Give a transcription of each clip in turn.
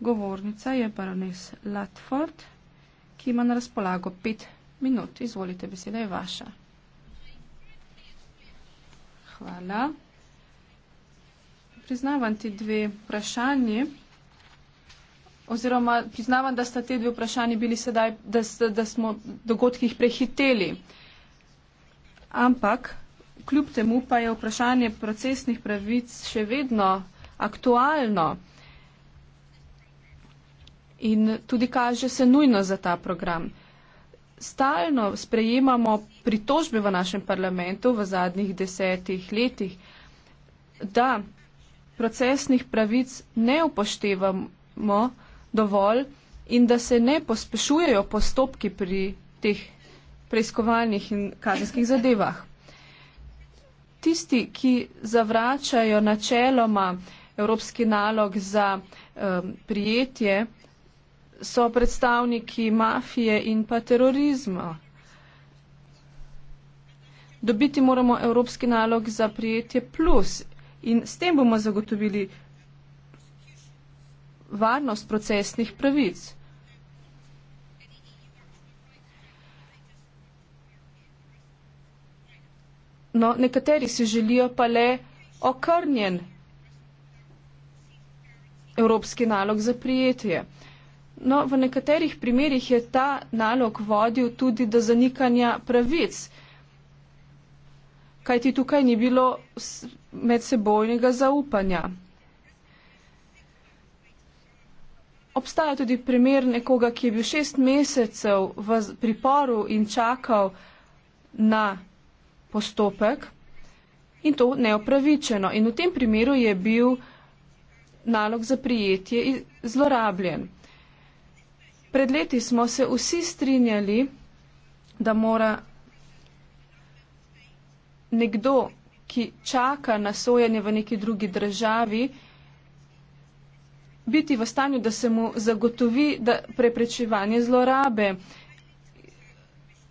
Govornica je baronis Latford, ki ima na razpolago pet minut. Izvolite, beseda je vaša. Hvala. Priznavam ti dve vprašanje. Oziroma, priznavam, da sta te dve vprašanje bili sedaj, da, da smo dogodki jih prehiteli. Ampak, kljub temu pa je vprašanje procesnih pravic še vedno aktualno in tudi kaže se nujno za ta program. Stalno sprejemamo pritožbe v našem parlamentu v zadnjih desetih letih, da procesnih pravic ne upoštevamo dovolj in da se ne pospešujejo postopki pri teh preiskovalnih in kazenskih zadevah. Tisti, ki zavračajo načeloma evropski nalog za um, prijetje, so predstavniki mafije in pa terorizma. Dobiti moramo evropski nalog za prijetje plus in s tem bomo zagotovili varnost procesnih pravic. No, nekateri si želijo pa le okrnjen evropski nalog za prijetje. No, v nekaterih primerjih je ta nalog vodil tudi do zanikanja pravic, kajti tukaj ni bilo medsebojnega zaupanja. Obstaja tudi primer nekoga, ki je bil šest mesecev v priporu in čakal na postopek in to neopravičeno. In v tem primeru je bil nalog za prijetje zlorabljen. Pred leti smo se vsi strinjali, da mora nekdo, ki čaka na sojenje v neki drugi državi, biti v stanju, da se mu zagotovi da preprečevanje zlorabe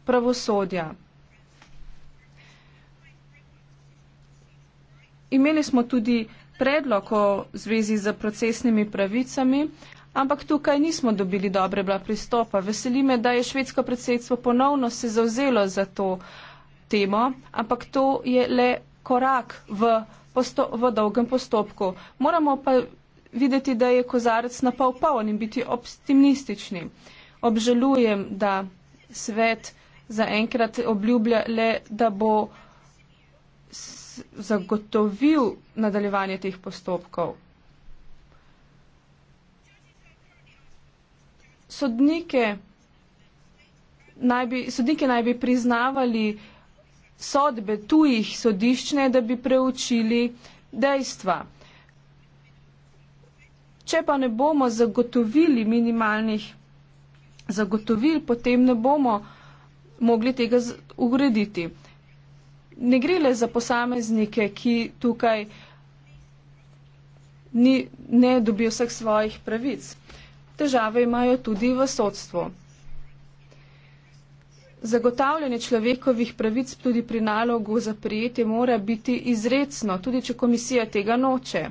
pravosodja. Imeli smo tudi predlog o zvezi z procesnimi pravicami, Ampak tukaj nismo dobili dobrega pristopa. Veseli me, da je švedsko predsedstvo ponovno se zauzelo za to temo, ampak to je le korak v, posto v dolgem postopku. Moramo pa videti, da je kozarec na pol poln in biti optimistični. Obžalujem, da svet zaenkrat obljublja le, da bo zagotovil nadaljevanje teh postopkov. sodnike naj bi, sodnike naj bi priznavali sodbe tujih sodiščne, da bi preučili dejstva. Če pa ne bomo zagotovili minimalnih zagotovil, potem ne bomo mogli tega ugrediti. Ne gre le za posameznike, ki tukaj ni, ne dobijo vseh svojih pravic. Uh, Težave imajo tudi v sodstvu. Zagotavljanje človekovih pravic tudi pri nalogu za prijetje mora biti izredno, tudi če komisija tega noče.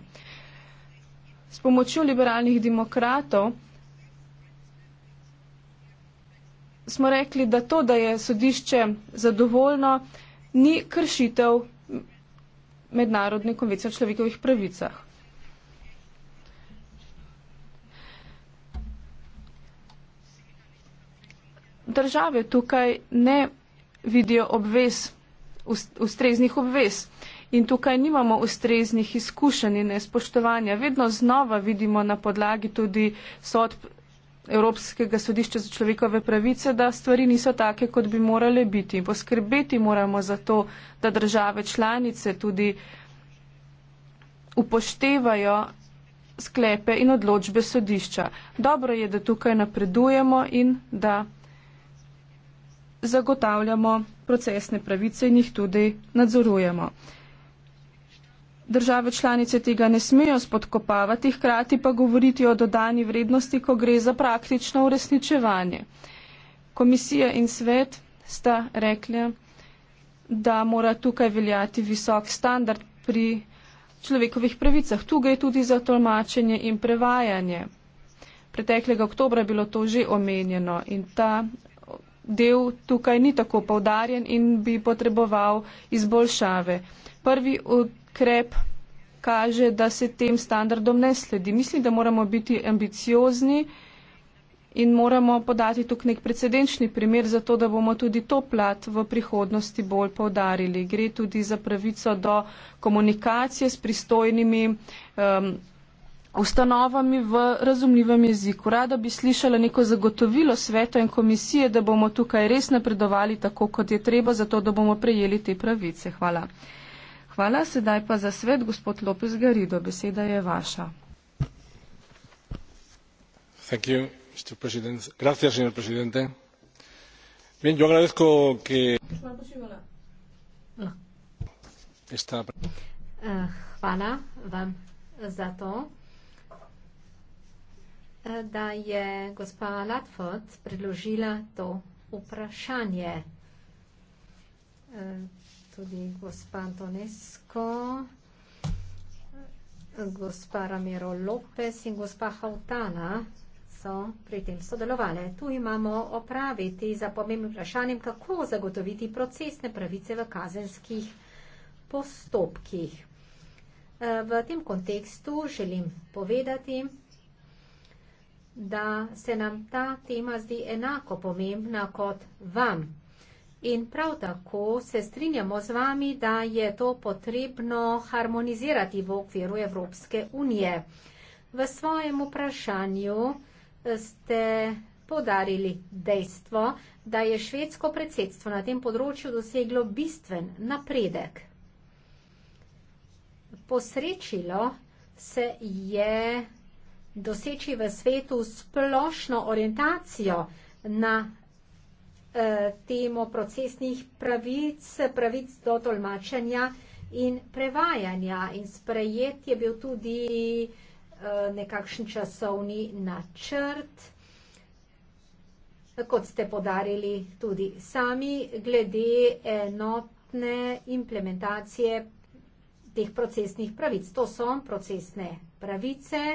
S pomočjo liberalnih demokratov smo rekli, da to, da je sodišče zadovoljno, ni kršitev mednarodne konvencije o človekovih pravicah. države tukaj ne vidijo obvez, ustreznih obvez. In tukaj nimamo ustreznih izkušenj in nespoštovanja. Vedno znova vidimo na podlagi tudi sodb Evropskega sodišča za človekove pravice, da stvari niso take, kot bi morale biti. In poskrbeti moramo za to, da države članice tudi upoštevajo sklepe in odločbe sodišča. Dobro je, da tukaj napredujemo in da zagotavljamo procesne pravice in jih tudi nadzorujemo. Države članice tega ne smejo spodkopavati, hkrati pa govoriti o dodani vrednosti, ko gre za praktično uresničevanje. Komisija in svet sta rekli, da mora tukaj veljati visok standard pri človekovih pravicah. Tu gre tudi za tolmačenje in prevajanje. Preteklega oktobra je bilo to že omenjeno in ta del tukaj ni tako povdarjen in bi potreboval izboljšave. Prvi ukrep kaže, da se tem standardom ne sledi. Mislim, da moramo biti ambiciozni in moramo podati tukaj nek precedenčni primer, zato da bomo tudi to plat v prihodnosti bolj povdarili. Gre tudi za pravico do komunikacije s pristojnimi. Um, ustanovami v razumljivem jeziku. Rada bi slišala neko zagotovilo sveta in komisije, da bomo tukaj res napredovali tako, kot je treba, zato da bomo prejeli te pravice. Hvala. Hvala, sedaj pa za svet, gospod Lopez Garido. Beseda je vaša. Thank you, Mr. President. Gracias, señor presidente. Bien, yo agradezco que... Esta... Uh, hvala vam za to da je gospa Latford predložila to vprašanje. E, tudi gospa Antonesko, gospa Ramiro Lopez in gospa Hautana so pri tem sodelovali. Tu imamo opraviti za pomembnim vprašanjem, kako zagotoviti procesne pravice v kazenskih postopkih. E, v tem kontekstu želim povedati, da se nam ta tema zdi enako pomembna kot vam. In prav tako se strinjamo z vami, da je to potrebno harmonizirati v okviru Evropske unije. V svojem vprašanju eh, ste podarili dejstvo, da je švedsko predsedstvo na tem področju doseglo bistven napredek. Posrečilo se je doseči v svetu splošno orientacijo na eh, temo procesnih pravic, pravic do tolmačenja in prevajanja. In sprejet je bil tudi eh, nekakšen časovni načrt, kot ste podarili tudi sami, glede enotne implementacije teh procesnih pravic. To so procesne pravice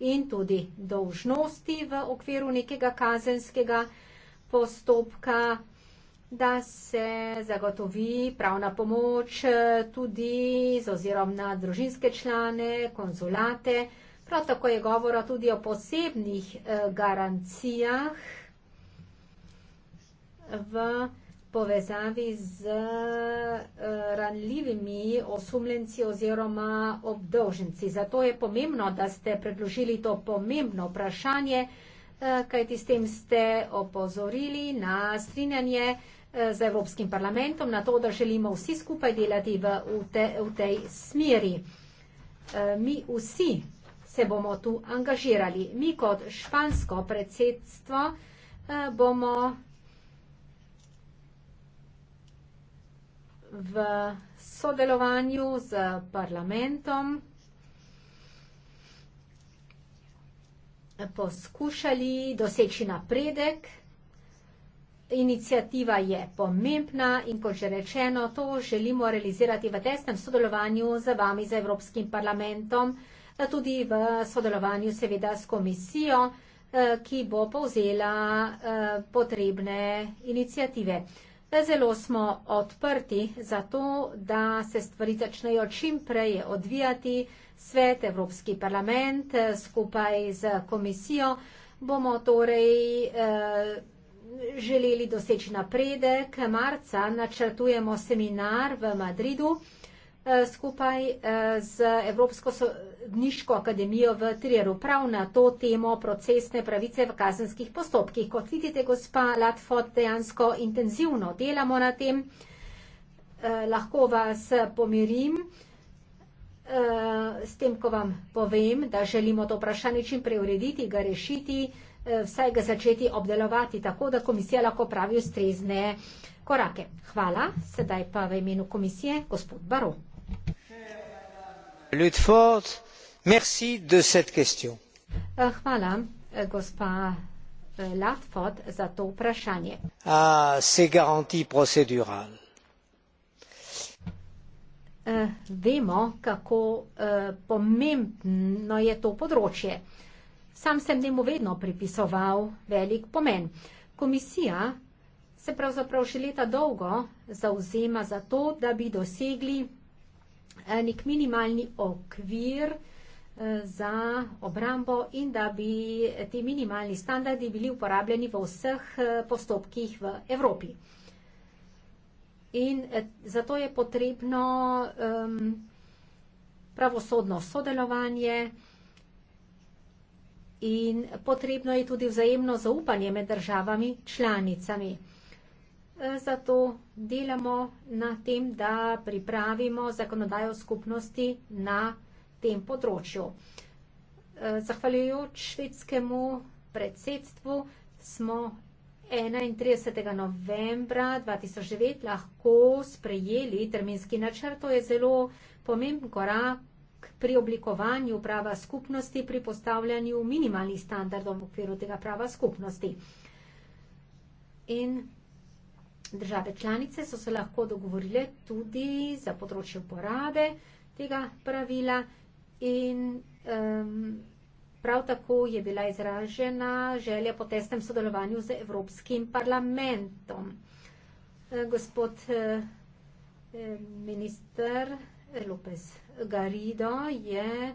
in tudi dolžnosti v okviru nekega kazenskega postopka, da se zagotovi pravna pomoč eh, tudi z ozirom na družinske člane, konzulate. Prav tako je govora tudi o posebnih eh, garancijah v povezavi z eh, ranljivimi osumljenci oziroma obdolženci. Zato je pomembno, da ste predložili to pomembno vprašanje, eh, kajti s tem ste opozorili na strinjanje eh, z Evropskim parlamentom, na to, da želimo vsi skupaj delati v, v, te, v tej smeri. Mi vsi se bomo tu angažirali. Mi kot špansko predsedstvo bomo v sodelovanju z parlamentom poskušali doseči napredek. Inicijativa je pomembna in kot že rečeno, to želimo realizirati v tesnem sodelovanju z vami, z Evropskim parlamentom, tudi v sodelovanju seveda s komisijo, eh, ki bo povzela eh, potrebne inicijative. Zelo smo odprti za to, da se stvari začnejo čim prej odvijati. Svet, Evropski parlament skupaj z komisijo bomo torej eh, želeli doseči napredek. Marca načrtujemo seminar v Madridu eh, skupaj eh, z Evropsko so, odvetniško akademijo v Trieru, prav na to temo procesne pravice v kazenskih postopkih. Kot vidite, gospa Latfot, dejansko intenzivno delamo na tem. Eh, lahko vas eh, pomirim eh, s tem, ko vam povem, da želimo to vprašanje čim prej urediti, ga rešiti, eh, vsaj ga začeti obdelovati, tako da komisija lahko pravi ustrezne korake. Hvala. Sedaj pa v imenu komisije gospod Baro. Lutfort, merci de cette question. Eh, hvala, eh, gospa eh, Lathfot, za to vprašanje. A ah, ces garanties procédurales. Vemo, kako pomembno je to področje. Sam sem njemu vedno pripisoval velik pomen. Komisija se pravzaprav že leta dolgo zauzema za to, da bi dosegli nek minimalni okvir za obrambo in da bi ti minimalni standardi bili uporabljeni v vseh eh, postopkih v Evropi. In eh, zato je potrebno um, pravosodno sodelovanje in potrebno je tudi vzajemno zaupanje med državami članicami. Eh, zato delamo na tem, da pripravimo zakonodajo skupnosti na tem področju. Eh, zahvaljujoč švedskemu predsedstvu smo 31. novembra 2009 lahko sprejeli terminski načrt. To je zelo pomemben korak pri oblikovanju prava skupnosti, pri postavljanju minimalnih standardov v okviru tega prava skupnosti. In države članice so se lahko dogovorile tudi za področje uporabe tega pravila in um, prav tako je bila izražena želja po testnem sodelovanju z Evropskim parlamentom. Eh, gospod eh, minister Lopez Garido je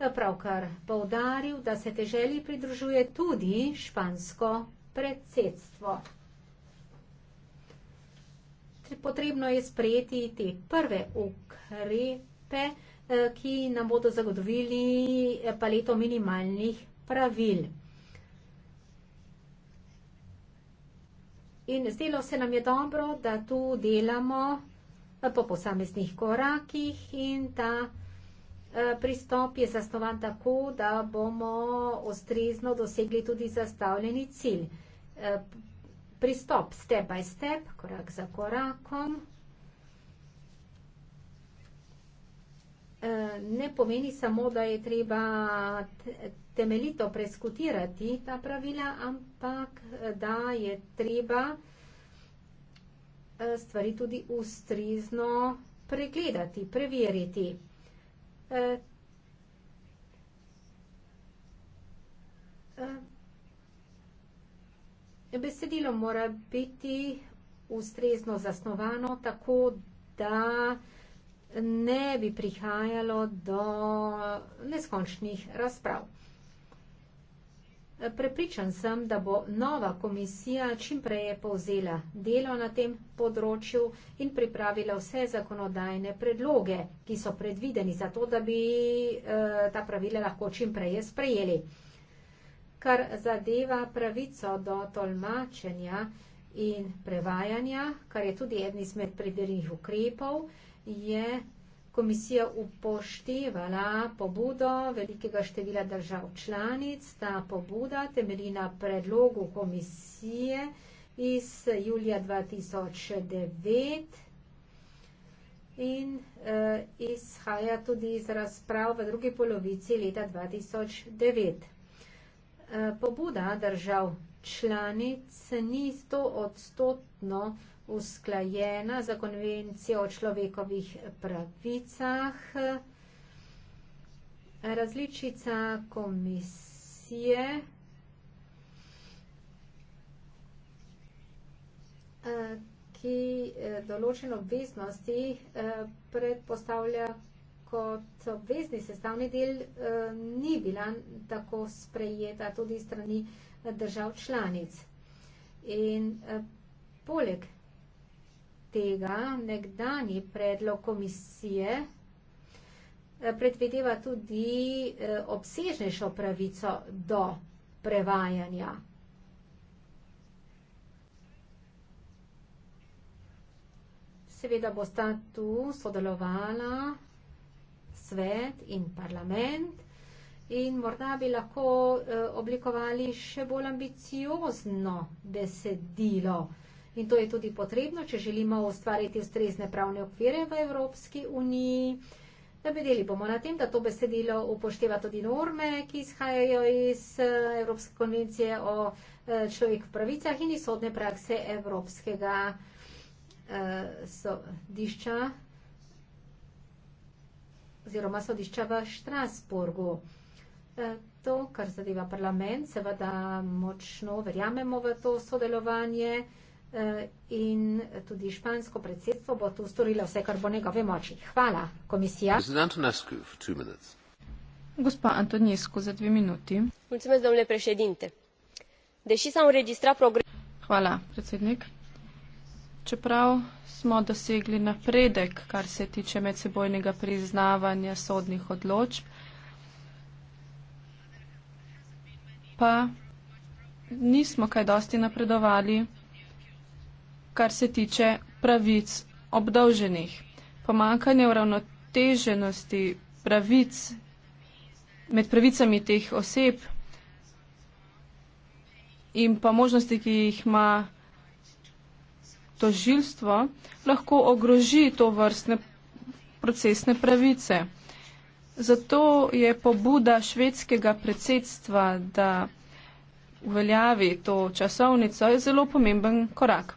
eh, pravkar povdaril, da se te želji pridružuje tudi špansko predsedstvo. Potrebno je sprejeti te prve ukrepe, Eh, ki nam bodo zagotovili eh, paleto minimalnih pravil. In zdelo se nam je dobro, da tu delamo eh, po posameznih korakih in ta pristop je zasnovan tako, da bomo ustrezno dosegli tudi zastavljeni cilj. Pristop step by step, korak za korakom. Eh, ne pomeni samo, da je treba temeljito preskutirati ta pravila, ampak eh, da je treba eh, stvari tudi ustrizno pregledati, preveriti. Besedilo mora biti ustrezno zasnovano tako, da ne bi prihajalo do neskončnih razprav. Prepričan sem, da bo nova komisija čimpreje povzela delo na tem področju in pripravila vse zakonodajne predloge, ki so predvideni za to, da bi eh, ta pravila lahko čimpreje sprejeli. Kar zadeva pravico do tolmačenja in prevajanja, kar je tudi edni smet predeljnih ukrepov, je komisija upoštevala pobudo velikega števila držav članic. Ta pobuda temelji na predlogu komisije iz julija 2009 in eh, izhaja tudi iz razprav v drugi polovici leta 2009. Eh, pobuda držav članic ni sto odstotno usklajena za konvencijo o človekovih pravicah. Različica komisije ki določen obveznosti predpostavlja kot obvezni sestavni del, ni bila tako sprejeta tudi strani držav članic. In poleg tega nekdani predlog komisije eh, predvideva tudi eh, obsežnejšo pravico do prevajanja. Seveda bo sta tu sodelovala svet in parlament in morda bi lahko eh, oblikovali še bolj ambiciozno besedilo. In to je tudi potrebno, če želimo ustvariti ustrezne pravne okvire v Evropski uniji. Nabedeli bomo na tem, da to besedilo upošteva tudi norme, ki izhajajo iz eh, Evropske konvencije o eh, človekovih pravicah in iz sodne prakse Evropskega eh, sodišča oziroma sodišča v Štrasburgu. To, kar zadeva parlament, seveda močno verjamemo v to sodelovanje. Eh, in tudi špansko predsedstvo bo to storilo vse, kar bo njegove moči. Hvala, komisija. Gospa Antonijsko, za dve minuti. Hvala, predsednik. Čeprav smo dosegli napredek, kar se tiče medsebojnega priznavanja sodnih odločb, pa nismo kaj dosti napredovali kar se tiče pravic obdolženih. Pomankanje uravnoteženosti pravic med pravicami teh oseb in pa možnosti, ki jih ima tožilstvo, lahko ogroži to vrstne procesne pravice. Zato je pobuda švedskega predsedstva, da uveljavi to časovnico, zelo pomemben korak.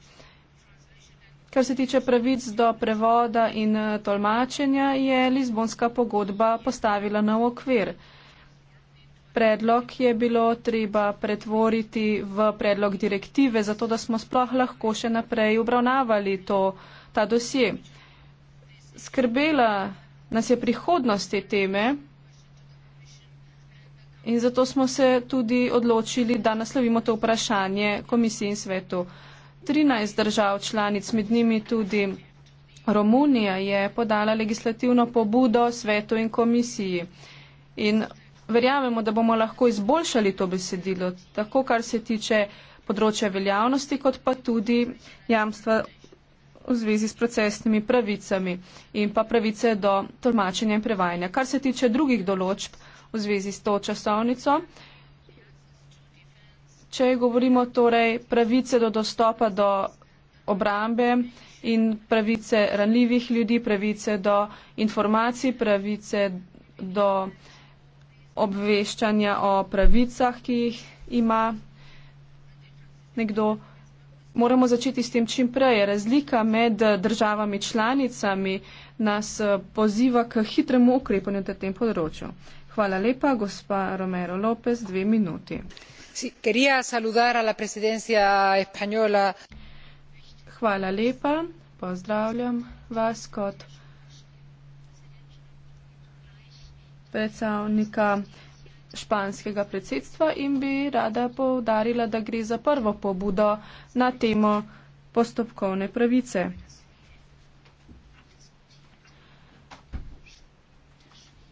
Kar se tiče pravic do prevoda in eh, tolmačenja, je Lizbonska pogodba postavila na okvir. Predlog je bilo treba pretvoriti v predlog direktive, zato da smo sploh lahko še naprej obravnavali to, ta dosje. Skrbela nas je prihodnost te teme in zato smo se tudi odločili, da naslovimo to vprašanje komisiji in svetu. 13 držav članic, med njimi tudi Romunija, je podala legislativno pobudo svetu in komisiji. In verjamemo, da bomo lahko izboljšali to besedilo, tako kar se tiče področja veljavnosti, kot pa tudi jamstva v zvezi s procesnimi pravicami in pa pravice do tolmačenja in prevajanja. Kar se tiče drugih določb v zvezi s to časovnico, če govorimo torej pravice do dostopa do obrambe in pravice ranljivih ljudi, pravice do informacij, pravice do obveščanja o pravicah, ki jih ima nekdo. Moramo začeti s tem čim prej. Razlika med državami članicami nas eh, poziva k hitremu ukrepanju na tem področju. Hvala lepa, gospa Romero Lopez, dve minuti quería saludar a la presidencia española. Hvala lepa. Pozdravljam vas kot predstavnika španskega predsedstva in bi rada povdarila, da gre za prvo pobudo na temo postopkovne pravice.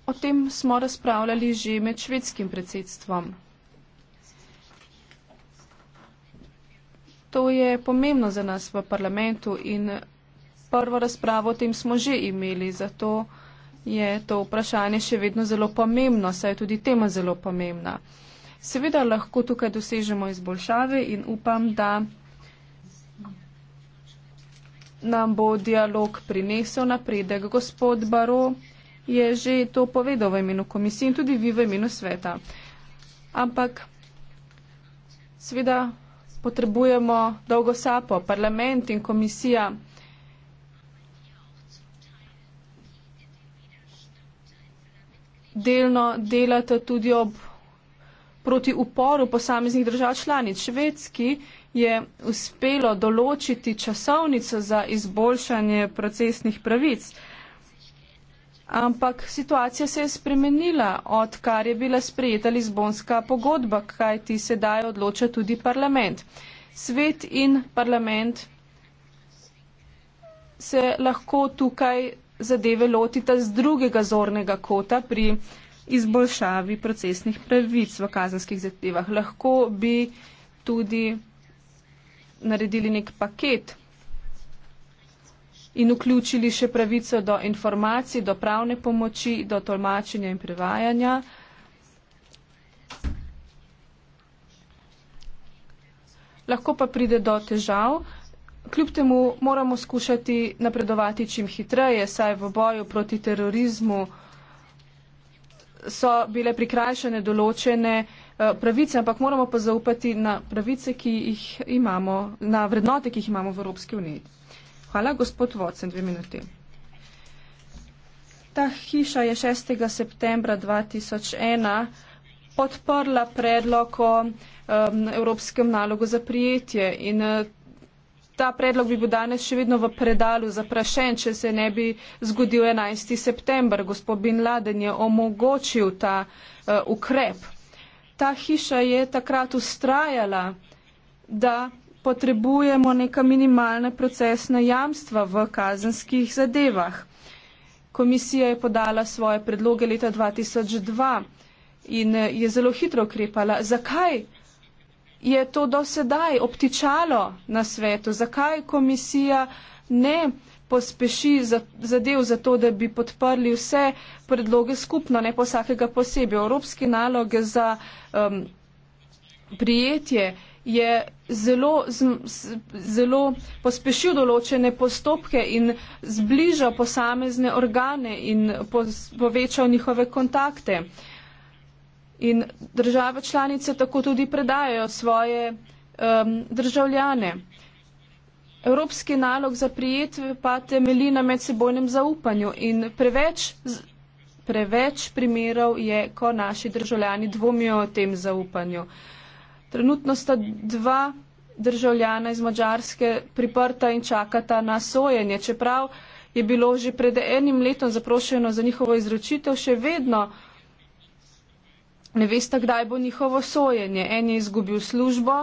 O tem smo razpravljali že med švedskim predsedstvom. to je pomembno za nas v parlamentu in prvo razpravo o tem smo že imeli, zato je to vprašanje še vedno zelo pomembno, saj je tudi tema zelo pomembna. Seveda lahko tukaj dosežemo izboljšave in upam, da nam bo dialog prinesel napredek. Gospod Baro je že to povedal v imenu komisije in tudi vi v imenu sveta. Ampak, seveda, potrebujemo dolgo sapo, parlament in komisija. Delno delata tudi ob proti uporu posameznih držav članic. Švedski je uspelo določiti časovnico za izboljšanje procesnih pravic. Ampak situacija se je spremenila, odkar je bila sprejeta Lizbonska pogodba, kaj ti sedaj odloča tudi parlament. Svet in parlament se lahko tukaj zadeve lotita z drugega zornega kota pri izboljšavi procesnih pravic v kazenskih zadevah. Lahko bi tudi naredili nek paket in vključili še pravico do informacij, do pravne pomoči, do tolmačenja in prevajanja. Lahko pa pride do težav. Kljub temu moramo skušati napredovati čim hitreje, saj v boju proti terorizmu so bile prikrajšane določene eh, pravice, ampak moramo pa zaupati na pravice, ki jih imamo, na vrednote, ki jih imamo v Evropski uniji. Hvala, gospod Vocen, dve minuti. Ta hiša je 6. septembra 2001 podprla predlog o um, Evropskem nalogu za prijetje in eh, ta predlog bi bil danes še vedno v predalu zaprašen, če se ne bi zgodil 11. september. Gospod Bin Laden je omogočil ta uh, ukrep. Ta hiša je takrat ustrajala, da potrebujemo neka minimalna procesna jamstva v kazenskih zadevah. Komisija je podala svoje predloge leta 2002 in eh, je zelo hitro ukrepala. Zakaj je to do sedaj obtičalo na svetu? Zakaj komisija ne pospeši zadev za to, da bi podprli vse predloge skupno, ne pa vsakega posebej? Evropske naloge za um, prijetje je zelo, zelo pospešil določene postopke in zbližal posamezne organe in povečal njihove kontakte. In države članice tako tudi predajajo svoje um, državljane. Evropski nalog za prijetve pa temeli na medsebojnem zaupanju in preveč, preveč primerov je, ko naši državljani dvomijo o tem zaupanju. Trenutno sta dva državljana iz Mačarske priprta in čakata na sojenje. Čeprav je bilo že pred enim letom zaprošeno za njihovo izročitev, še vedno ne veste, kdaj bo njihovo sojenje. En je izgubil službo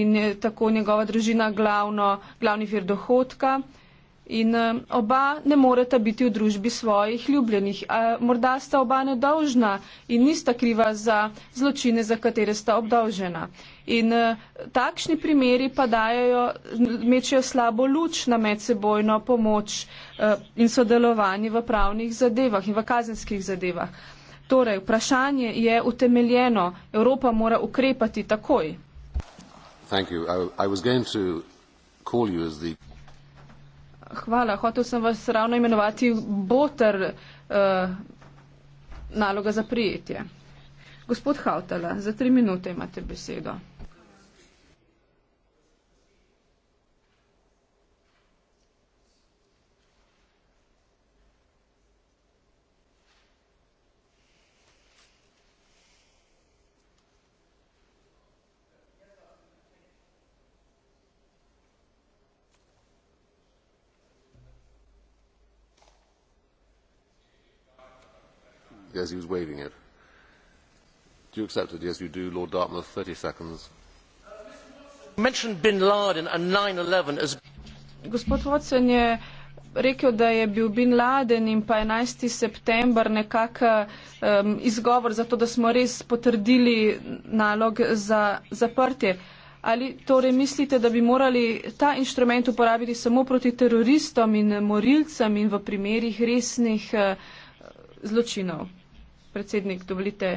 in je tako njegova družina glavno, glavni vir dohodka. In uh, oba ne moreta biti v družbi svojih ljubljenih. Uh, morda sta oba nedolžna in nista kriva za zločine, za katere sta obdolžena. In uh, takšni primeri pa dajajo, mečejo slabo luč na medsebojno pomoč uh, in sodelovanje v pravnih zadevah in v kazenskih zadevah. Torej, vprašanje je utemeljeno. Evropa mora ukrepati takoj. Hvala. Hotel sem vas ravno imenovati boter uh, naloga za prijetje. Gospod Hautala, za tri minute imate besedo. as he was waving it. Do you accept it? Yes, you do. Lord Dartmouth, 30 seconds. Uh, mentioned Bin Laden and 9-11 as... Gospod Watson je rekel, da je bil Bin Laden in pa 11. september nekak um, izgovor za to, da smo res potrdili nalog za zaprtje. Ali torej mislite, da bi morali ta inštrument uporabiti samo proti teroristom in morilcem in v primerih resnih uh, zločinov? predsednik, dovolite,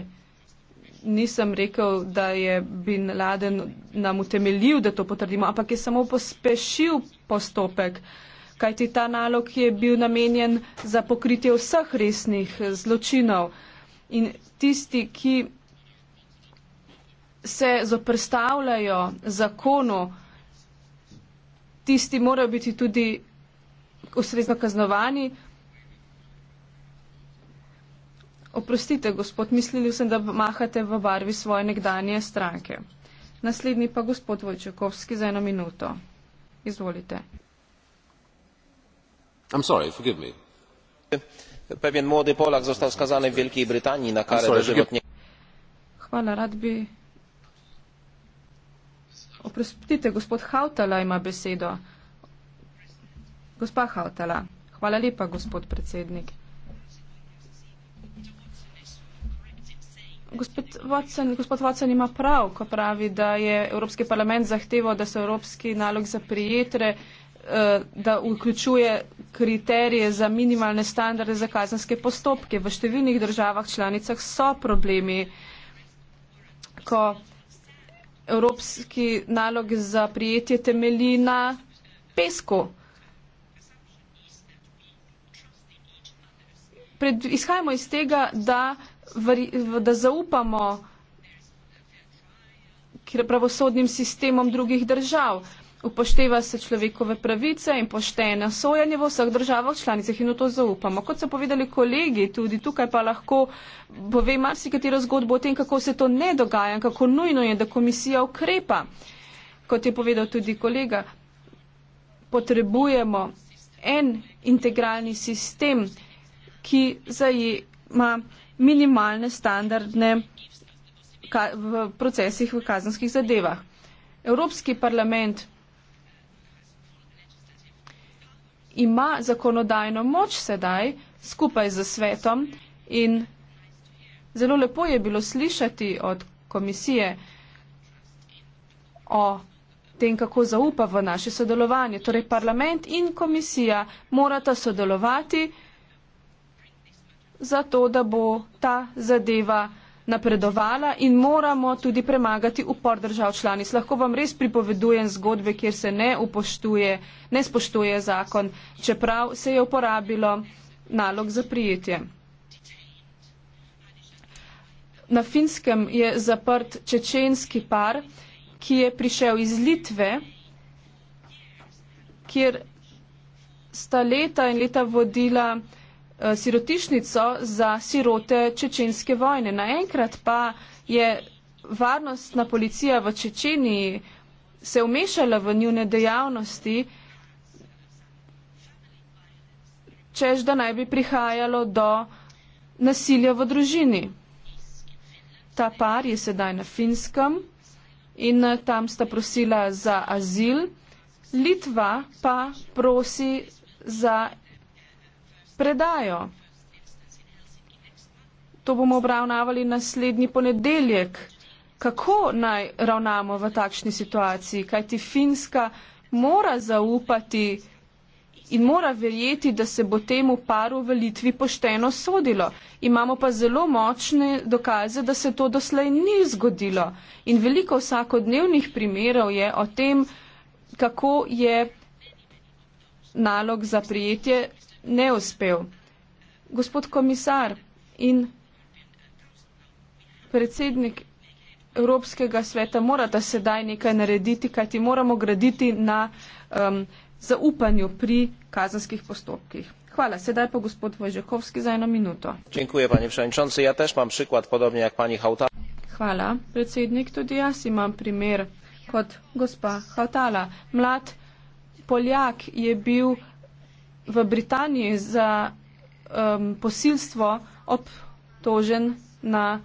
nisem rekel, da je bin Laden nam utemeljil, da to potrdimo, ampak je samo pospešil postopek, kajti ta nalog je bil namenjen za pokritje vseh resnih zločinov. In tisti, ki se zoprstavljajo zakonu, tisti morajo biti tudi ustrezno kaznovani, Oprostite, gospod, mislili sem, da mahate v barvi svoje nekdanje stranke. Naslednji pa gospod Vojčakovski za eno minuto. Izvolite. I'm sorry, forgive me. Pevjen mladi Polak zostal skazani v Veliki Britaniji na kare sorry, doživotnje. Hvala, rad bi. Oprostite, gospod Hautala ima besedo. Gospa Hautala, hvala lepa, gospod predsednik. Gospod Watson, gospod Watson ima prav, ko pravi, da je Evropski parlament zahteval, da so Evropski nalog za prijetre, eh, da vključuje kriterije za minimalne standarde za kazenske postopke. V številnih državah članicah so problemi, ko Evropski nalog za prijetje temelji na pesku. Pred, izhajamo iz tega, da da zaupamo pravosodnim sistemom drugih držav. Upošteva se človekove pravice in poštene sojanje v vseh državah članicah in v to zaupamo. Kot so povedali kolegi, tudi tukaj pa lahko pove marsikatero zgodbo o tem, kako se to ne dogaja in kako nujno je, da komisija ukrepa. Kot je povedal tudi kolega, potrebujemo en integralni sistem, ki zajema minimalne standardne v procesih v kazenskih zadevah. Evropski parlament ima zakonodajno moč sedaj skupaj z svetom in zelo lepo je bilo slišati od komisije o tem, kako zaupa v naše sodelovanje. Torej parlament in komisija morata sodelovati za to, da bo ta zadeva napredovala in moramo tudi premagati upor držav članic. Lahko vam res pripovedujem zgodbe, kjer se ne upoštuje, ne spoštuje zakon, čeprav se je uporabilo nalog za prijetje. Na Finskem je zaprt čečenski par, ki je prišel iz Litve, kjer sta leta in leta vodila Eh, sirotišnico za sirote čečenske vojne. Naenkrat pa je varnostna policija v Čečeniji se umešala v njune dejavnosti, čež da naj bi prihajalo do nasilja v družini. Ta par je sedaj na Finskem in eh, tam sta prosila za azil. Litva pa prosi za predajo. To bomo obravnavali naslednji ponedeljek. Kako naj ravnamo v takšni situaciji? Kaj ti Finska mora zaupati in mora verjeti, da se bo temu paru v Litvi pošteno sodilo? Imamo pa zelo močne dokaze, da se to doslej ni zgodilo. In veliko vsakodnevnih primerov je o tem, kako je nalog za prijetje ne uspel. Gospod komisar in predsednik Evropskega sveta morata sedaj nekaj narediti, kajti moramo graditi na um, zaupanju pri kazanskih postopkih. Hvala. Sedaj pa gospod Vojžekovski za eno minuto. Dziękuję, panie przewodniczący. Ja też mam przykład, podobnie jak pani Hautala. Hvala, predsednik. Tudi jaz imam primer kot gospa Hautala. Mlad Poljak je bil v Britaniji za um, posilstvo obtožen na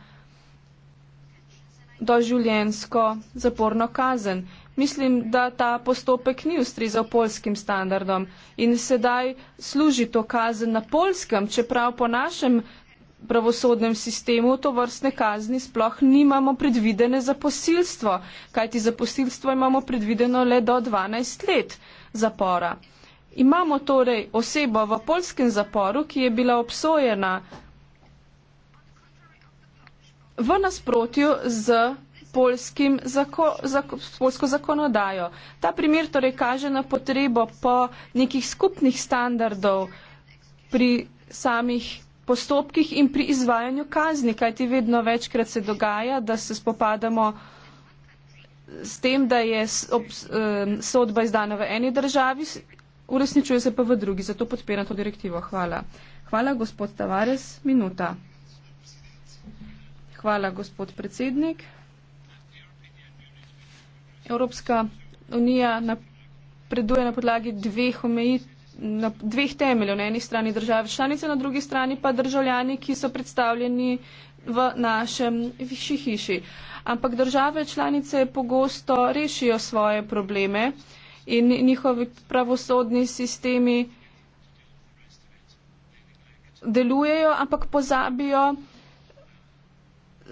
doživljensko zaporno kazen. Mislim, da ta postopek ni ustrezal polskim standardom in sedaj služi to kazen na polskem, čeprav po našem pravosodnem sistemu to vrstne kazni sploh nimamo predvidene za posilstvo, kajti za posilstvo imamo predvideno le do 12 let zapora. Imamo torej osebo v polskem zaporu, ki je bila obsojena v nasprotju z polskim zako, zako, polsko zakonodajo. Ta primer torej kaže na potrebo po nekih skupnih standardov pri samih postopkih in pri izvajanju kazni, kajti vedno večkrat se dogaja, da se spopadamo s tem, da je eh, sodba izdana v eni državi, uresničuje se pa v drugi, zato podpira to direktivo. Hvala. Hvala, gospod Tavares. Minuta. Hvala, gospod predsednik. Evropska unija napreduje na podlagi dveh omejitev na dveh temeljev, na eni strani države članice, na drugi strani pa državljani, ki so predstavljeni v našem višji hiši. Ampak države članice pogosto rešijo svoje probleme in njihovi pravosodni sistemi delujejo, ampak pozabijo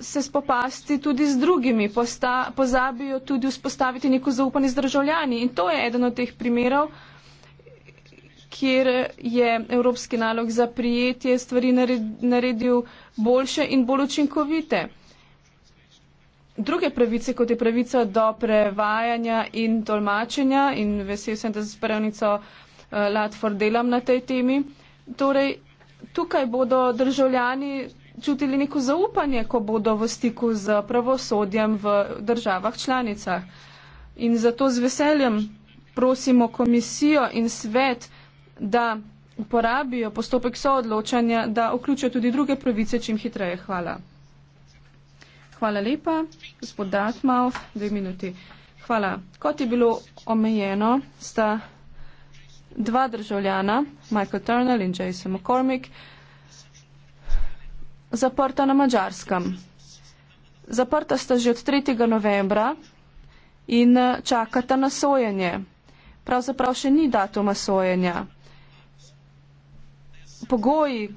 se spopasti tudi z drugimi, posta, pozabijo tudi vzpostaviti neko zaupanje z državljani. In to je eden od teh primerov, kjer je evropski nalog za prijetje stvari naredil boljše in bolj učinkovite druge pravice, kot je pravica do prevajanja in tolmačenja in vesel sem, da z pravnico uh, Latford delam na tej temi. Torej, tukaj bodo državljani čutili neko zaupanje, ko bodo v stiku z pravosodjem v državah članicah. In zato z veseljem prosimo komisijo in svet, da uporabijo postopek soodločanja, da vključijo tudi druge pravice čim hitreje. Hvala. Hvala lepa. Gospod Datmauf, dve minuti. Hvala. Kot je bilo omejeno, sta dva državljana, Michael Turner in Jason McCormick, zaprta na Mačarskem. Zaprta sta že od 3. novembra in eh, čakata na sojenje. Pravzaprav še ni datuma sojenja. Pogoji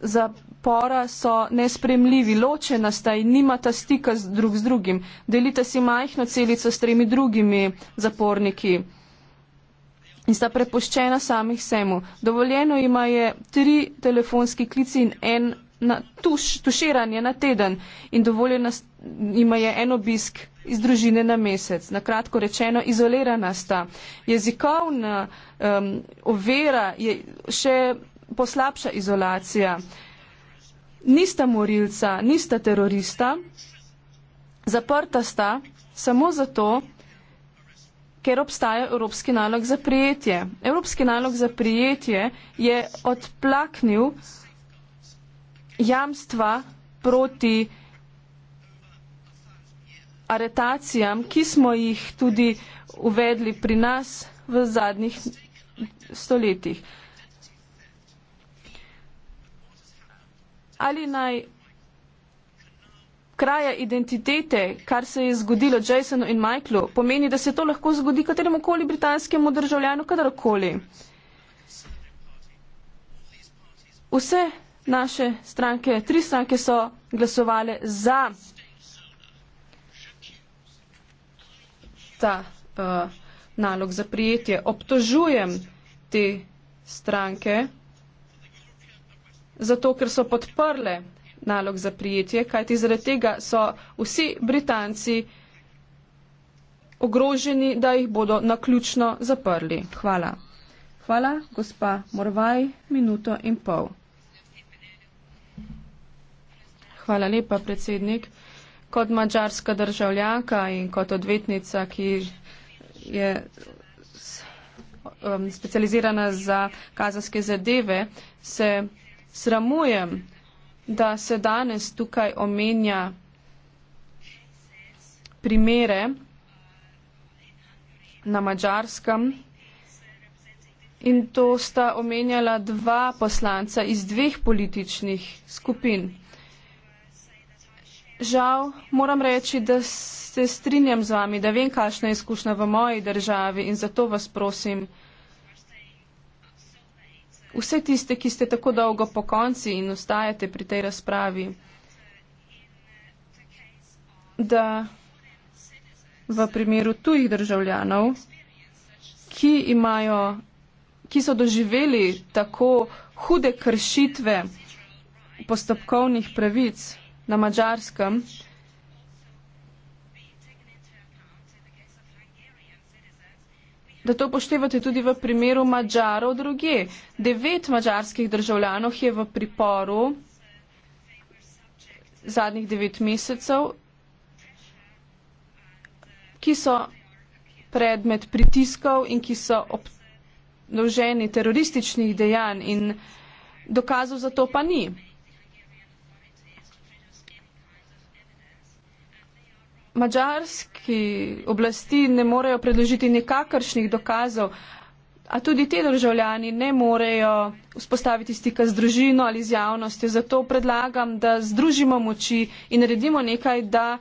za spora so nespremljivi, ločena sta in nimata stika z drug z drugim. Delite si majhno celico s tremi drugimi zaporniki in sta prepuščena samih semu. Dovoljeno ima je tri telefonski klici in en na tuš, tuširanje na teden in dovoljena ima je en obisk iz družine na mesec. Na kratko rečeno, izolirana sta. Jezikovna um, ovira je še poslabša izolacija nista morilca, nista terorista, zaprta sta samo zato, ker obstaja Evropski nalog za prijetje. Evropski nalog za prijetje je odplaknil jamstva proti aretacijam, ki smo jih tudi uvedli pri nas v zadnjih stoletjih. ali naj kraja identitete, kar se je zgodilo Jasonu in Michaelu, pomeni, da se to lahko zgodi kateremu koli britanskemu državljanu, kadarkoli. Vse naše stranke, tri stranke so glasovali za ta uh, nalog za prijetje. Obtožujem te stranke zato ker so podprle nalog za prijetje, kajti zaradi tega so vsi Britanci ogroženi, da jih bodo naključno zaprli. Hvala. Hvala, gospa Morvaj, minuto in pol. Hvala lepa, predsednik. Kot mačarska državljanka in kot odvetnica, ki je um, specializirana za kazanske zadeve, se sramujem, da se danes tukaj omenja primere na mačarskem in to sta omenjala dva poslanca iz dveh političnih skupin. Žal moram reči, da se strinjam z vami, da vem, kakšna je izkušnja v moji državi in zato vas prosim, da vse tiste, ki ste tako dolgo po konci in ostajate pri tej razpravi, da v primeru tujih državljanov, ki, imajo, ki so doživeli tako hude kršitve postopkovnih pravic na mačarskem, da to upoštevate tudi v primeru Mačarov druge. Devet mačarskih državljanov je v priporu zadnjih devet mesecev, ki so predmet pritiskov in ki so obdolženi terorističnih dejanj in dokazov za to pa ni. mađarski oblasti ne morejo predložiti nikakršnih dokazov, a tudi ti državljani ne morejo vzpostaviti stika z družino ali z javnostjo. Zato predlagam, da združimo moči in naredimo nekaj, da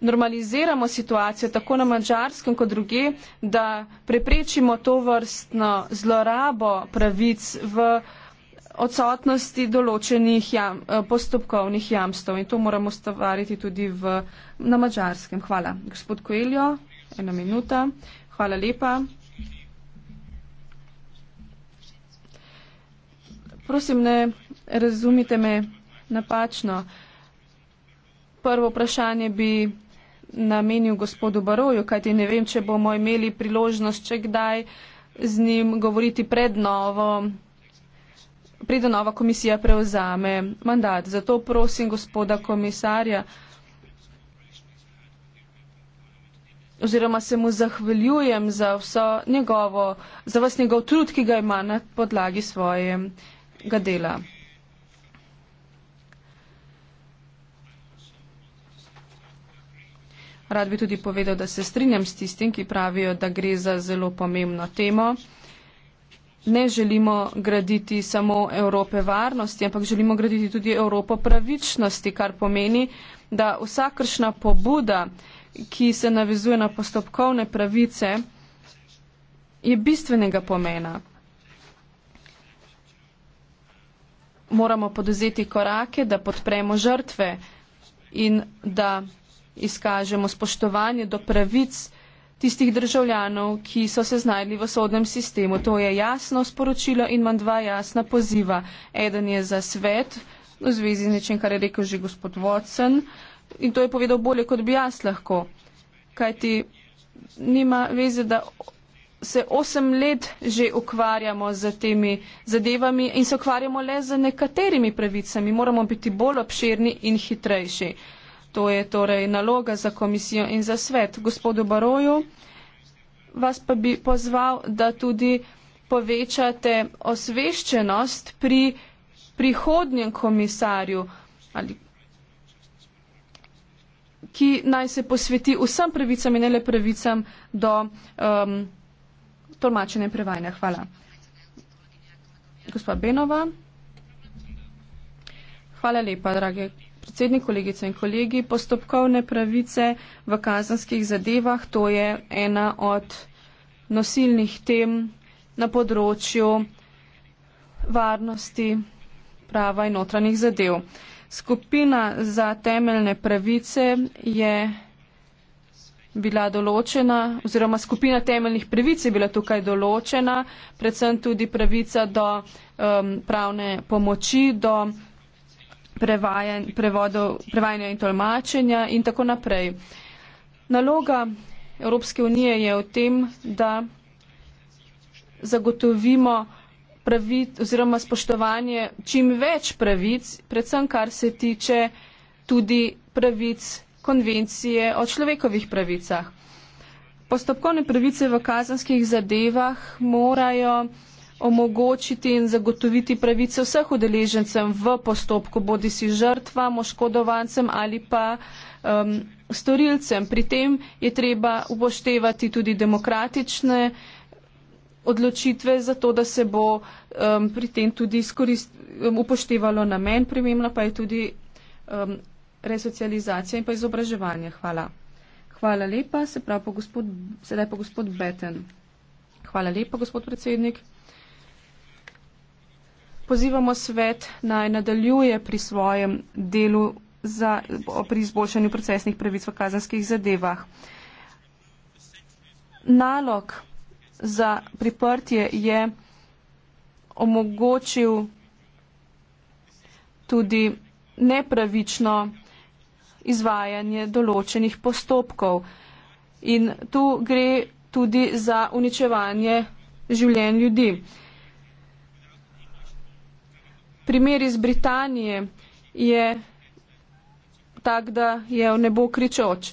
normaliziramo situacijo tako na mađarskem kot druge, da preprečimo to vrstno zlorabo pravic v odsotnosti določenih jam, eh, postopkovnih jamstov in to moramo stvariti tudi v, na mačarskem. Hvala. Gospod Koeljo, ena minuta. Hvala lepa. Prosim, ne razumite me napačno. Prvo vprašanje bi namenil gospodu Baroju, kajti ne vem, če bomo imeli priložnost, če kdaj z njim govoriti pred novo preden nova komisija prevzame mandat. Zato prosim gospoda komisarja, oziroma se mu zahvaljujem za, njegovo, za vas njegov trud, ki ga ima na podlagi svojega dela. Rad bi tudi povedal, da se strinjam s tistim, ki pravijo, da gre za zelo pomembno temo ne želimo graditi samo Evrope varnosti, ampak želimo graditi tudi Evropo pravičnosti, kar pomeni, da vsakršna pobuda, ki se navezuje na postopkovne pravice, je bistvenega pomena. Moramo podozeti korake, da podpremo žrtve in da izkažemo spoštovanje do pravic tistih državljanov, ki so se znajdli v sodnem sistemu. To je jasno sporočilo in imam dva jasna poziva. Eden je za svet v zvezi z nečem, kar je rekel že gospod Watson in to je povedal bolje, kot bi jaz lahko. Kaj ti nima veze, da se osem let že ukvarjamo z temi zadevami in se ukvarjamo le z nekaterimi pravicami. Moramo biti bolj obširni in hitrejši. To je torej naloga za komisijo in za svet. Gospodu Baroju, vas pa bi pozval, da tudi povečate osveščenost pri prihodnjem komisarju, ali, ki naj se posveti vsem pravicam in ne le pravicam do um, tolmačene prevajanja. Hvala. Gospa Benova. Hvala lepa, drage predsednik, kolegice in kolegi, postopkovne pravice v kazanskih zadevah, to je ena od nosilnih tem na področju varnosti prava in notranjih zadev. Skupina za temeljne pravice je bila določena oziroma skupina temeljnih pravic je bila tukaj določena, predvsem tudi pravica do um, pravne pomoči, do prevajan, prevodov, prevajanja in tolmačenja in tako naprej. Naloga Evropske unije je v tem, da zagotovimo pravic oziroma spoštovanje čim več pravic, predvsem kar se tiče tudi pravic konvencije o človekovih pravicah. Postopkovne pravice v kazanskih zadevah morajo omogočiti in zagotoviti pravice vseh udeležencem v postopku, bodi si žrtvam, oškodovancem ali pa um, storilcem. Pri tem je treba upoštevati tudi demokratične odločitve za to, da se bo um, pri tem tudi um, upoštevalo namen, primemno pa je tudi um, resocializacija in pa izobraževanje. Hvala. Hvala lepa, se pravi pa gospod, sedaj pa gospod Beten. Hvala lepa, gospod predsednik pozivamo svet naj nadaljuje pri svojem delu za, pri izboljšanju procesnih pravic v kazanskih zadevah. Nalog za priprtje je omogočil tudi nepravično izvajanje določenih postopkov. In tu gre tudi za uničevanje življenj ljudi. Uh, Primer iz Britanije je tak, da je v nebo kričoč.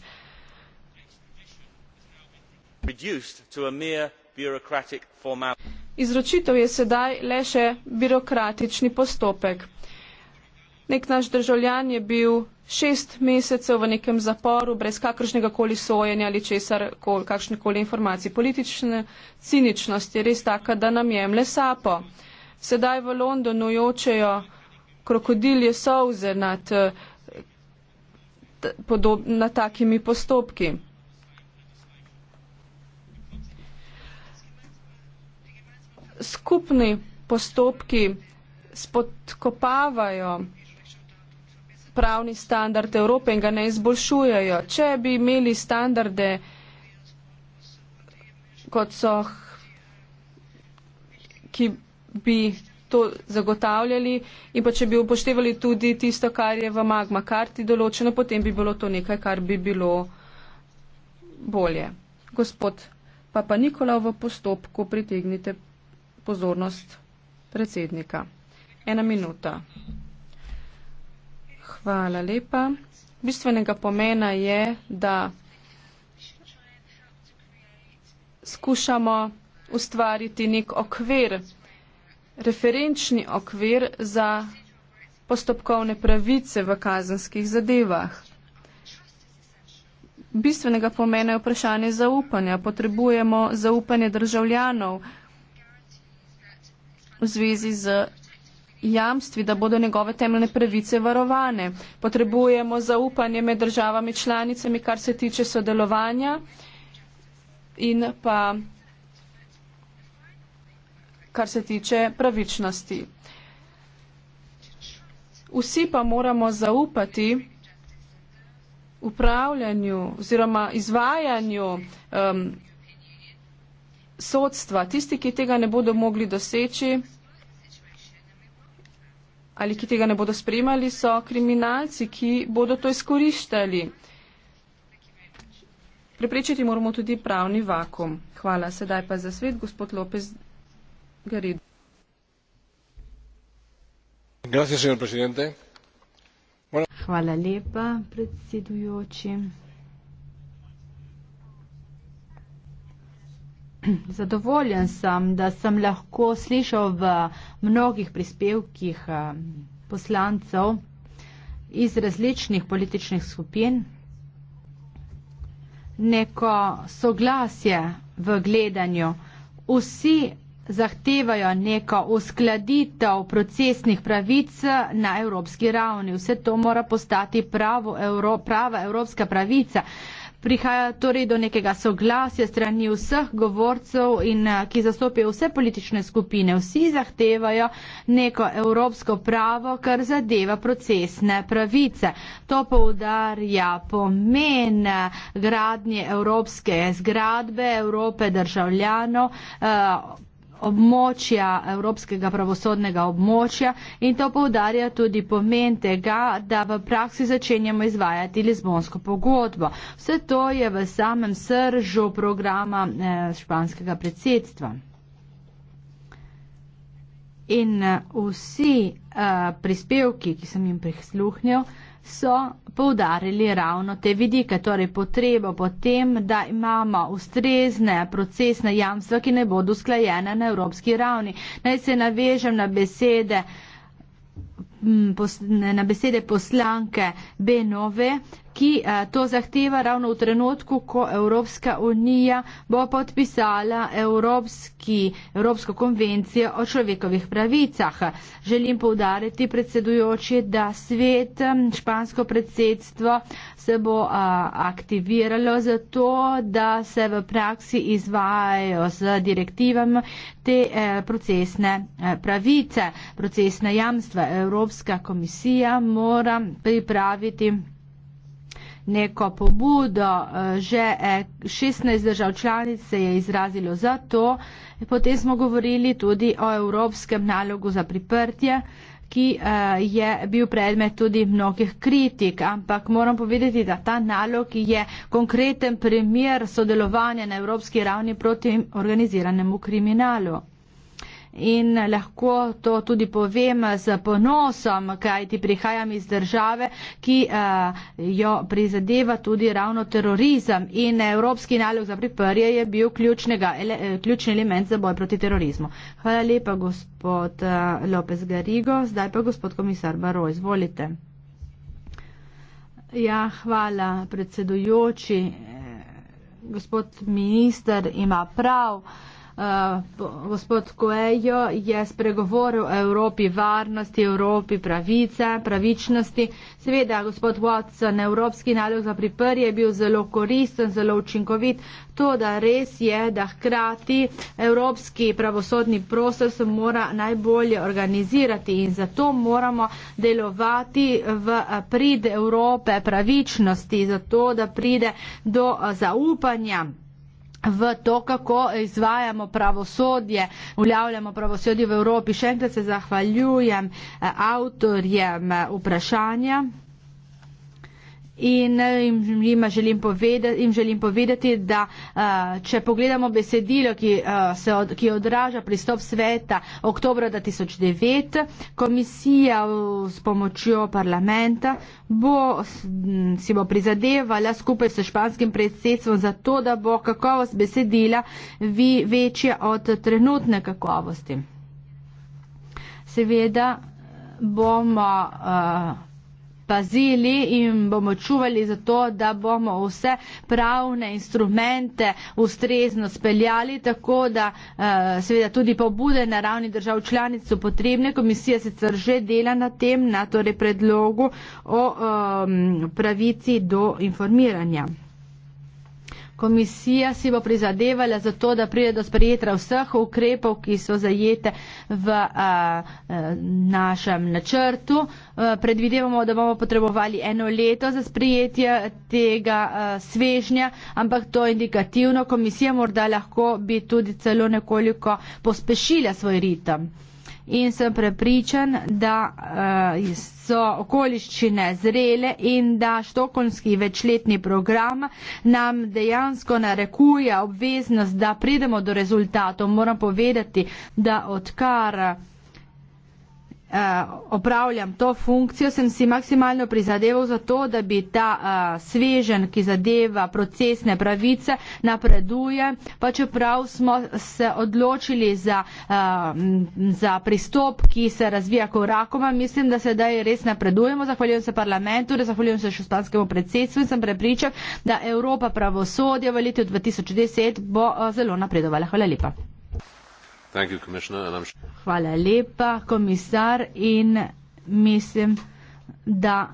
Izročitev je sedaj le še birokratični postopek. Nek naš državljan je bil šest mesecev v nekem zaporu brez kakršnega koli sojenja ali česar, kakšne koli informacije. Politična ciničnost je res taka, da nam jemle sapo sedaj v Londonu jočejo krokodilje solze nad, eh, podob, nad takimi postopki. Skupni postopki spodkopavajo pravni standard Evrope in ga ne izboljšujejo. Če bi imeli standarde, kot so, ki bi to zagotavljali in pa če bi upoštevali tudi tisto, kar je v magma karti določeno, potem bi bilo to nekaj, kar bi bilo bolje. Gospod Papa Nikola v postopku pritegnite pozornost predsednika. Ena minuta. Hvala lepa. Bistvenega pomena je, da skušamo ustvariti nek okvir referenčni okvir za postopkovne pravice v kazenskih zadevah. Bistvenega pomena je vprašanje zaupanja. Potrebujemo zaupanje državljanov v zvezi z jamstvi, da bodo njegove temeljne pravice varovane. Potrebujemo zaupanje med državami članicami, kar se tiče sodelovanja in pa kar se tiče pravičnosti. Vsi pa moramo zaupati upravljanju oziroma izvajanju um, sodstva. Tisti, ki tega ne bodo mogli doseči ali ki tega ne bodo spremali, so kriminalci, ki bodo to izkoriščali. Preprečiti moramo tudi pravni vakum. Hvala. Sedaj pa za svet, gospod Lopez señor presidente. Hvala lepa, predsedujoči. Zadovoljen sem, da sem lahko slišal v mnogih prispevkih eh, poslancev iz različnih političnih skupin neko soglasje v gledanju. Vsi zahtevajo neko uskladitev procesnih pravic na evropski ravni. Vse to mora postati pravo, evro, prava evropska pravica. Prihaja torej do nekega soglasja strani vseh govorcev in ki zastopijo vse politične skupine. Vsi zahtevajo neko evropsko pravo, kar zadeva procesne pravice. To poudarja pomen gradnje evropske zgradbe, Evrope državljano. Uh, eh, območja, evropskega pravosodnega območja in to povdarja tudi pomen tega, da v praksi začenjamo izvajati Lizbonsko pogodbo. Vse to je v samem sržu programa eh, španskega predsedstva. In eh, vsi uh, prispevki, ki sem jim prisluhnil, so poudarili ravno te vidike, torej potrebo potem, da imamo ustrezne procesne jamstva, ki ne bodo usklajene na evropski ravni. Naj se navežem na besede, na besede poslanke Benove, ki eh, to zahteva ravno v trenutku, ko Evropska unija bo podpisala Evropski, Evropsko konvencijo o človekovih pravicah. Želim povdariti predsedujoči, da svet, špansko predsedstvo se bo a, eh, aktiviralo za to, da se v praksi izvajajo z direktivami te e, procesne pravice, procesne jamstva. Evropska komisija mora pripraviti neko pobudo, eh, že 16 eh, držav članic se je izrazilo za to. Potem smo govorili tudi o evropskem nalogu za priprtje, ki eh, je bil predmet tudi mnogih kritik, ampak moram povedati, da ta nalog je konkreten primer sodelovanja na evropski ravni proti organiziranemu kriminalu in lahko to tudi povem z ponosom, kaj ti prihajam iz države, ki uh, jo prizadeva tudi ravno terorizem in Evropski nalog za priprje je bil ele, eh, ključni element za boj proti terorizmu. Hvala lepa, gospod uh, eh, López Garigo. Zdaj pa gospod komisar Baro, izvolite. Ja, hvala, predsedujoči. Gospod minister ima prav. Uh, Eh, gospod Coelho je spregovoril o Evropi varnosti, Evropi pravice, pravičnosti. Seveda, gospod Watson, Evropski nalog za pripr je bil zelo koristen, zelo učinkovit. To, da res je, da hkrati Evropski pravosodni prostor se mora najbolje organizirati in zato moramo delovati v pride Evrope pravičnosti, zato da pride do zaupanja v to, kako izvajamo pravosodje, uljavljamo pravosodje v Evropi. Še enkrat se zahvaljujem eh, avtorjem eh, vprašanja in eh, jim želim, povedati, jim želim povedati, da eh, če pogledamo besedilo, ki, eh, se, ki odraža pristop sveta oktobra 2009, komisija s pomočjo parlamenta bo, si bo prizadevala skupaj s španskim predsedstvom za to, da bo kakovost besedila vi večja od trenutne kakovosti. Seveda bomo. Uh, pazili in bomo čuvali za to, da bomo vse pravne instrumente ustrezno speljali, tako da eh, seveda tudi pobude na ravni držav članic so potrebne. Komisija sicer že dela na tem, na torej predlogu o um, pravici do informiranja komisija si bo prizadevala za to, da pride do sprejetra vseh ukrepov, ki so zajete v a, a, našem načrtu. A, predvidevamo, da bomo potrebovali eno leto za sprejetje tega a, svežnja, ampak to je indikativno. Komisija morda lahko bi tudi celo nekoliko pospešila svoj ritem in sem prepričan, da uh, so okoliščine zrele in da štokonski večletni program nam dejansko narekuje obveznost, da pridemo do rezultatov. Moram povedati, da odkar uh, Eh, opravljam to funkcijo, sem si maksimalno prizadeval za to, da bi ta uh, eh, svežen, ki zadeva procesne pravice, napreduje, pa čeprav smo se odločili za, uh, za pristop, ki se razvija korakoma, mislim, da sedaj res napredujemo. Zahvaljujem se parlamentu, zahvaljujem se šestanskemu predsedstvu in sem prepričan, da Evropa pravosodja v letu 2010 bo uh, zelo napredovala. Hvala lepa. Hvala lepa, komisar, in mislim, da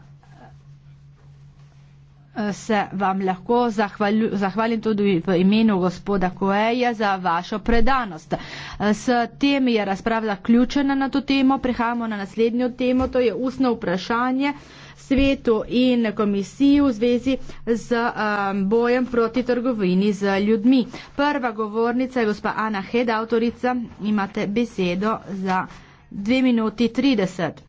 eh, se vam lahko zahvalj, zahvalim tudi v imenu gospoda Koeja za vašo predanost. Eh, s tem je razprava zaključena na to temo. Prehajamo na naslednjo temo, to je ustno vprašanje svetu in komisiji v zvezi z um, bojem proti trgovini z ljudmi. Prva govornica je gospa Ana Hed, avtorica. Imate besedo za 2 minuti 30.